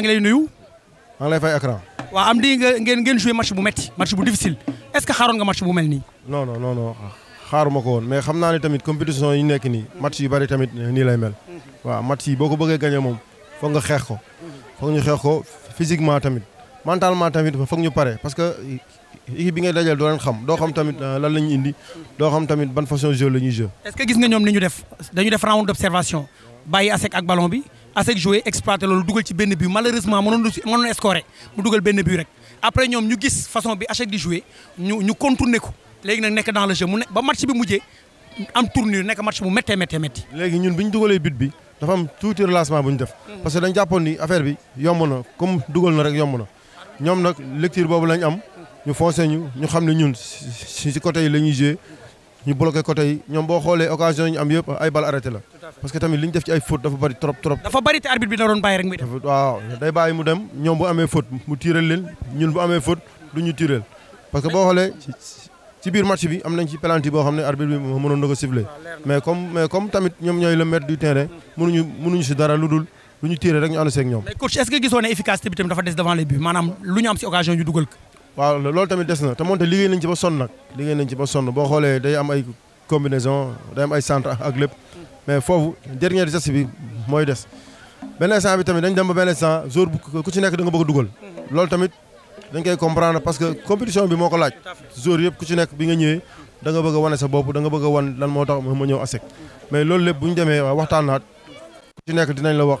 maa lay nuyu. maa ngi fay Akram. waaw am di nga ngeen ngeen joué match bu metti match bu difficile est-ce que xaaroon nga match bu mel nii. non non non non xaaruma ko woon mais xam naa ne tamit compétition yi nekk nii match yu bari tamit nii lay mel. Mhm. waaw match yi boo ko bëggee gagné moom foog nga xeex ko. foog ñu xeex ko physiquement tamit mentalement tamit foog ñu pare parce que équipe bi nga dajal doo leen xam doo xam tamit euh, lan la ñu indi doo xam tamit ban façon jeu la ñuy jeu. est-ce que gis ñoom ñu def dañu def round d'observation bàyyi asek ak ballon bi. ASEC joué exploité ci malheureusement mu rek après ñom ñu gis façon bi di jouer ñu ñu dans le jeu ba match bi mujjé am tournure un match bu metté metté metti légui ñun but bi dafa am tout relâchement buñ def. Hmm. parce que dañ le ni affaire bi nous comme na rek ñom nous lecture bobu lañ am ñu foncé ñu ñu ñun côté ñu bloqué côté yi ñoom boo xoolee occasion yi ñu am yëpp ay bal arrêté la parce que tamit li ñu def ci ay faute dafa bari trop trop. dafa bari te arbitre bi da doon bàyyi rek muy def. waaw day bàyyi mu dem ñoom bu amee faute mu tiiral leen ñun bu amee faute du ñu tiiral parce que boo xoolee ci biir match bi am nañ ci penalty boo xam ne arbitre bi mënoon na ko siffler ah, mais mais comme tamit ñoom ñooy le maître du terrain mënuñu si dara lu dul lu ñu tiiral rek ñu ànd waaw loolu tamit des na te moonte liggéey nañ ci ba sonn nag liggéey nañ ci ba sonn boo xoolee day am ay combinaison day am ay centre ak lépp mais foofu dernier geste bi mooy des benn instant bi tamit dañ dem ba benn instant jour ku ci nekk da nga bëgg dugal loolu tamit dañ koy comprendre parce que compétition bi moo ko laaj jour yëpp ku ci nekk bi nga ñëwee da nga bëgg a wane sa bopp da nga a wan lan moo tax ma ñëw asec mais loolu lépp bu ñu demee waxtaan naat ku nekk dinañ la wax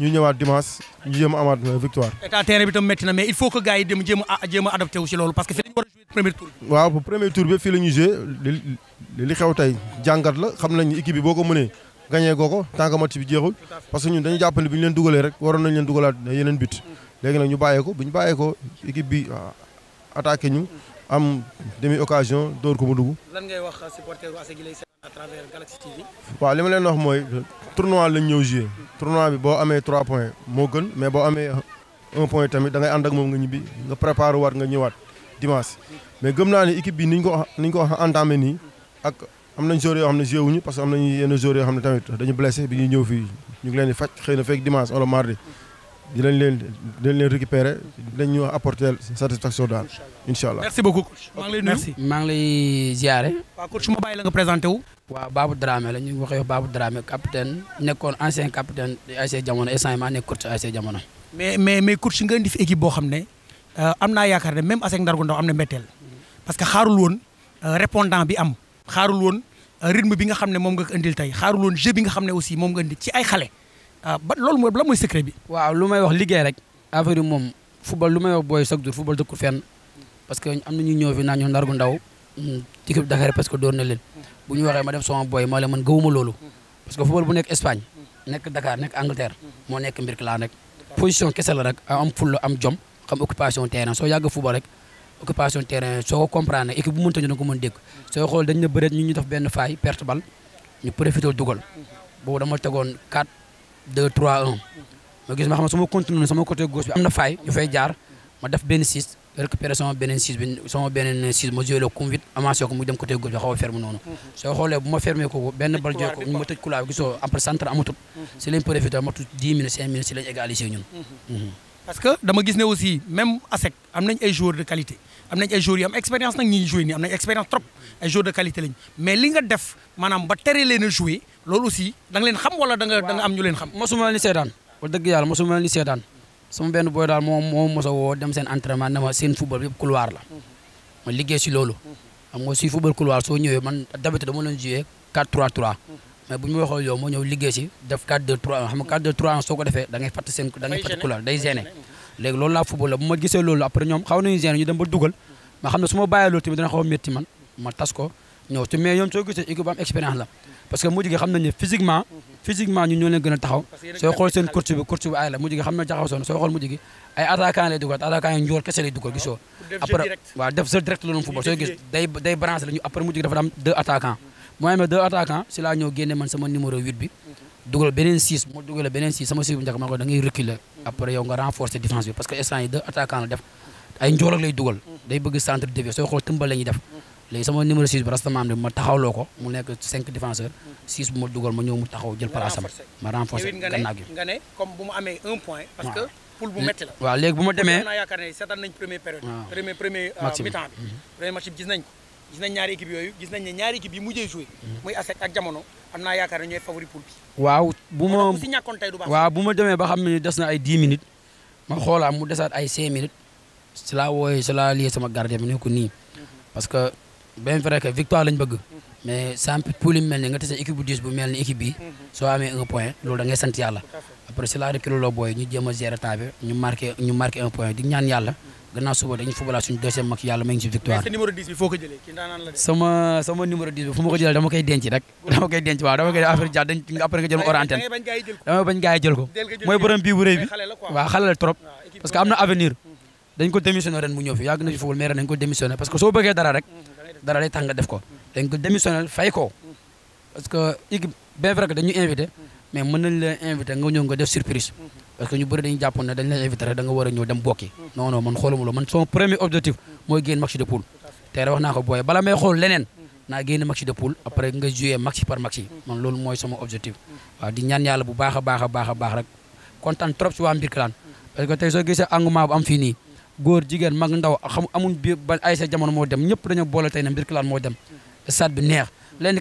ñu ñëwaat dimanche ñu jéem a amaat victoire. état terrain bi tam métti na mais il faut que gars yi dem jéem a si loolu parce que fii la ñu war li xew tey jàngat la xam nañ équipe bi boo ko mënee gagné goo ko tant que match bi jeexul parce que ñun dañu jàpp ne bi ñu leen dugalee rek waroon nañ leen dugalaat yeneen but mm. léegi nag ñu bàyyee ko bu ñu bàyyee ko équipe bi ah, attaqué ñu. am demi occasion dóor ko mu dugg. lan ngay wax supporter lay Sénégal à travers Galaxy TV. wa li len wax moy tournoi la ñëw jouer tournoi bi bo amé 3 points mo gën mais bo amé 1 point tamit da ngay and ak mom nga ñibi nga préparé wat nga ñëwaat dimanche. mais gëm naa ne équipe bi niñ ko wax ni ko wax entamé ni ak am nañ joueurs yoo xam ne wuñu parce que am nañu yenn joueurs yoo xam tamit dañu blessé bi ñu ñew fi ñu ngi leen di faj xëy na dimanche wala mardi dinañ leen dinañ leen récupérer dinañ ñu apporter satisfaction daal incha allah. merci beaucoup coach maa ngi lay nuyu maa ngi lay ziare. waaw coach ma bàyyi la nga présenté wu. waaw Babou Dramé la ñu waxee Babou Dramé capitaine nekkoon ancien capitaine de ASC Jamono instant yii maa nekk coach ASC Jamono. mais mais mais coach nga indi fi équipe boo xam ne euh, am naa yaakaar ne même ASC Ndargu Ndaw am na mbetteel parce que xaarul woon euh, répondant bi am xaarul woon euh, rythme bi nga xam ne moom nga ko indil tey xaarul woon jeu bi nga xam ne aussi moom nga indi ci ay xale. ah ba loolu mooy la mooy secret bi. waaw lu may wax liggéey rek affaire moom football lu may wax booy chaque jour football dëkkul fenn parce que am na ñuy ñëw fi ñu ndargu ndaw mm, équipe Dakar parce que door na bu ñu waxee ma dem sama booy ma leen man gëwuma loolu parce que football bu nekk Espagne nekk Dakar nekk Angleterre moo nekk mbir rek position kese rek am fulla am jom xam occupation terrain soo yàgg football rek occupation 2 3 1 ma gis ma xam ne su sama côté gauche bi am na faay ñu fay jaar ma def benn 6 récupéré sama beneen 6 bi sama beneen 6 ma joué le coup vite avancé ko mu dem côté gauche bi xaw a ferme noonu soo xoolee bu ma fermé ko benn bal jox ko ma tëj couloir bi gisoo après centre amatut si lañ profité amatut 10 minutes 5 minutes si égalisé ñun mhm. parce que dama gis ne aussi même ASEC am nañ ay joueurs de qualité am nañ ay joueurs yi am expérience nag ñi joué nii am expérience trop ay joueurs de qualité lañ mais li nga def maanaam ba tere leen a joué loolu aussi da nga leen xam wala da am ñu leen xam mosuma leen di seetaan wala dëgg yàlla mosuma leen di seetaan sama benn booy daal ma seen si loolu xam nga si football soo ñëwee man d'habitude dama leen jouer 4 3 3 mais bu ñu waxoo yow moo ñëw liggéey si def 4 2 3 xam nga 4 2 3 soo seen da ngay fàtt day gêné loolu laa football la bu ma gisee loolu après ñoom xaw nañu gêné ñu dem dugal ma xam ne a ñoo ci mais soo gisee équipe bu am expérience la parce que mujj gi xam nañ ne physiquement physiquement ñun leen gën a taxaw soo xool seen course ay la mujj gi xam na jaxaw soo xool mujj gi ay attaquant lay la def ay njool lay dugal day bëgg centre dévié soo xool tëmbal la def léegi sama numéro 6 bi rastaman bi ma taxawloo ko mu nekk 5 défenseur 6 bu ma dugal ma ñëw mu taxaw jël place am ma ma amee ma demee euh, mhm. bi gis nañ ñaari équipe yooyu gis nañ ñaari équipe yi mujjee joué mhm. muy ASEC ak jamono am naa yaakaar ne ñooy favori poule bi waaw bu ma si ñàkkoon tey du baax waaw bu ma demee ba xam ne des na ay 10 minutes ma xoolaa mu desaat ay 5 minutes si laa wooyee si laa liyee sama gardien bi ne nii mhm. parce bien vrai que victoire lañ bëgg mais sans poul mel ni nga bi soo amee un point loolu da ngay yàlla après si la reculé loo booy ñu jéem a gérer ñu marqué ñu point di ñaan yàlla gannaaw suba dañu football suñu deuxième match yàlla may ngi ci victoire. numéro 10 bi foo ko jëlee kii ndaanaan la sama sama dama koy denc rek dama koy denc waaw dama koy affaire jaar dañ après nga jël ma hors dama bañ gars jël ko mooy borom bii bu bi waaw xale dara lay tax nga def ko dañ ko démissionnel fay ko parce que équipe bien vrai que dañu invité mais mën nañ la invité nga ñëw nga def surprise parce que ñu bëri dañu jàpp ne dañ lay invité rek da war a ñëw dem bokki non man xooluma loolu man son premier objectif mooy génn match de poule te wax naa ko booyee bala may xool leneen naa génn match de poule après nga joué match par match man loolu mooy sama objectif waaw di ñaan yàlla bu baax a baax a baax a baax rek góor jigéen mag ndaw xam amul biir ba ay sa jamono moo dem ñëpp dañoo boole tey ne mbir kilaan moo dem stade bi neex lenn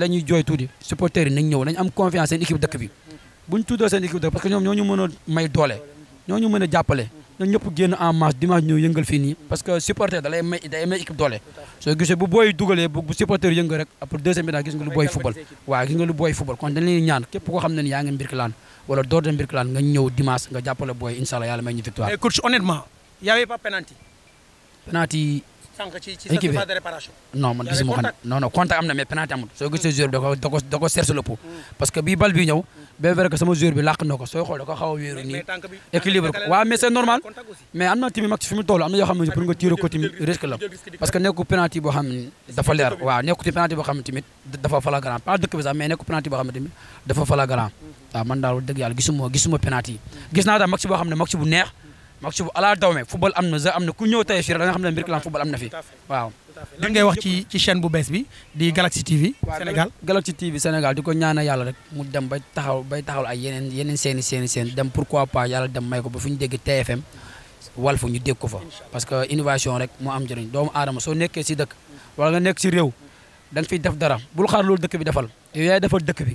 lañuy jooy tuuti supporters yi ñëw nañ am confiance seen équipe dëkk bi buñ tuddoo seen équipe dëkk parce que ñoom ñoo a may doole ñoo ñu a jàppale ñoom ñëpp génn en masse dimanche ñëw yëngal fii parce que supporter da may day may équipe doole soo gisee bu booy dugalee bu supporter yëngal rek après deuxième mi-temps gis nga lu booy football waaw gis nga lu booy football kon ñaan képp koo xam ne ni yaa ngi Birkelane wala door de Birkelane nga ñëw dimanche nga jàppale booy incha allah yàlla may ñu victoire. mais sànq ci ci sa phase de non non contact am na mais penalty amul. soo gisee joueur bi da ko da ko mm. parce que bii bal bi ñëw. bien vrai sama joueur bi làq na ko sooy xool xaw a nii. équilibre ko waaw mais normal. mais am na tamit mag fi mu am na yoo xam ne pour nga tiiree ko tamit risque la. parce que nekku penalty boo xam ne dafa leer waaw nekku ci penalty boo xam ne tamit dafa flagrant pas dëkk bi sax mais nekku penalty mm. gis naa daal match boo xam ne max bu ala daw me football am na za am na ku ñëw tey si da nga xam ne am na fi waaw. lan wax ci ci chaîne bu bees bi di Galaxy TV. Sénégal Galaxy TV Sénégal di ko ñaana yàlla rek mu dem bay taxaw bay taxaw ay yeneen yeneen seeni seeni seen dem pourquoi pas yàlla dem may ko ba fu ñu dégg TFM Walf ñu dégg ko fa. parce que innovation rek moo am njëriñ doomu aadama soo nekkee si dëkk. wala nga nekk si réew da nga def dara bul xaar loolu dëkk bi defal yow yaay defal dëkk bi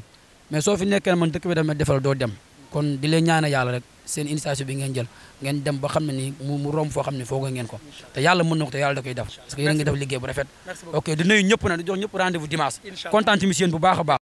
mais soo fi nekkee man dëkk bi daf defal doo dem. kon di leen ñaanal yàlla rek seen initiative bi ngeen jël ngeen dem ba xam ne nii mu mu romb xam ne foogoo ngeen ko te yàlla mën na te yàlla da koy def parce que ngi def liggéey bu rafet ok di nuyu ñëpp na di jox ñëpp rendez-vous dimanche kontaan ci bu baax baax